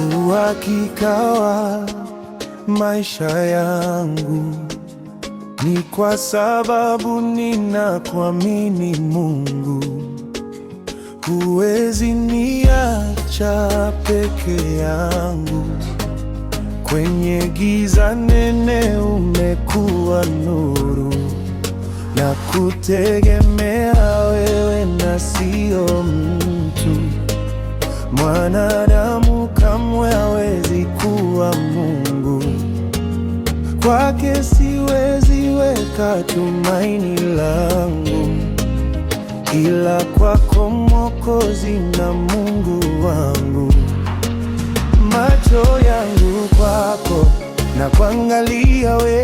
uhakikawa maisha yangu ni kwa sababu ninakuamini Mungu, huwezi niacha peke yangu kwenye giza nene, umekuwa nuru na kutegemea wewe na sio mtu mwanadamu. kwake siwezi weka tumaini langu, ila kwako Mwokozi na Mungu wangu. Macho yangu kwako na kuangalia we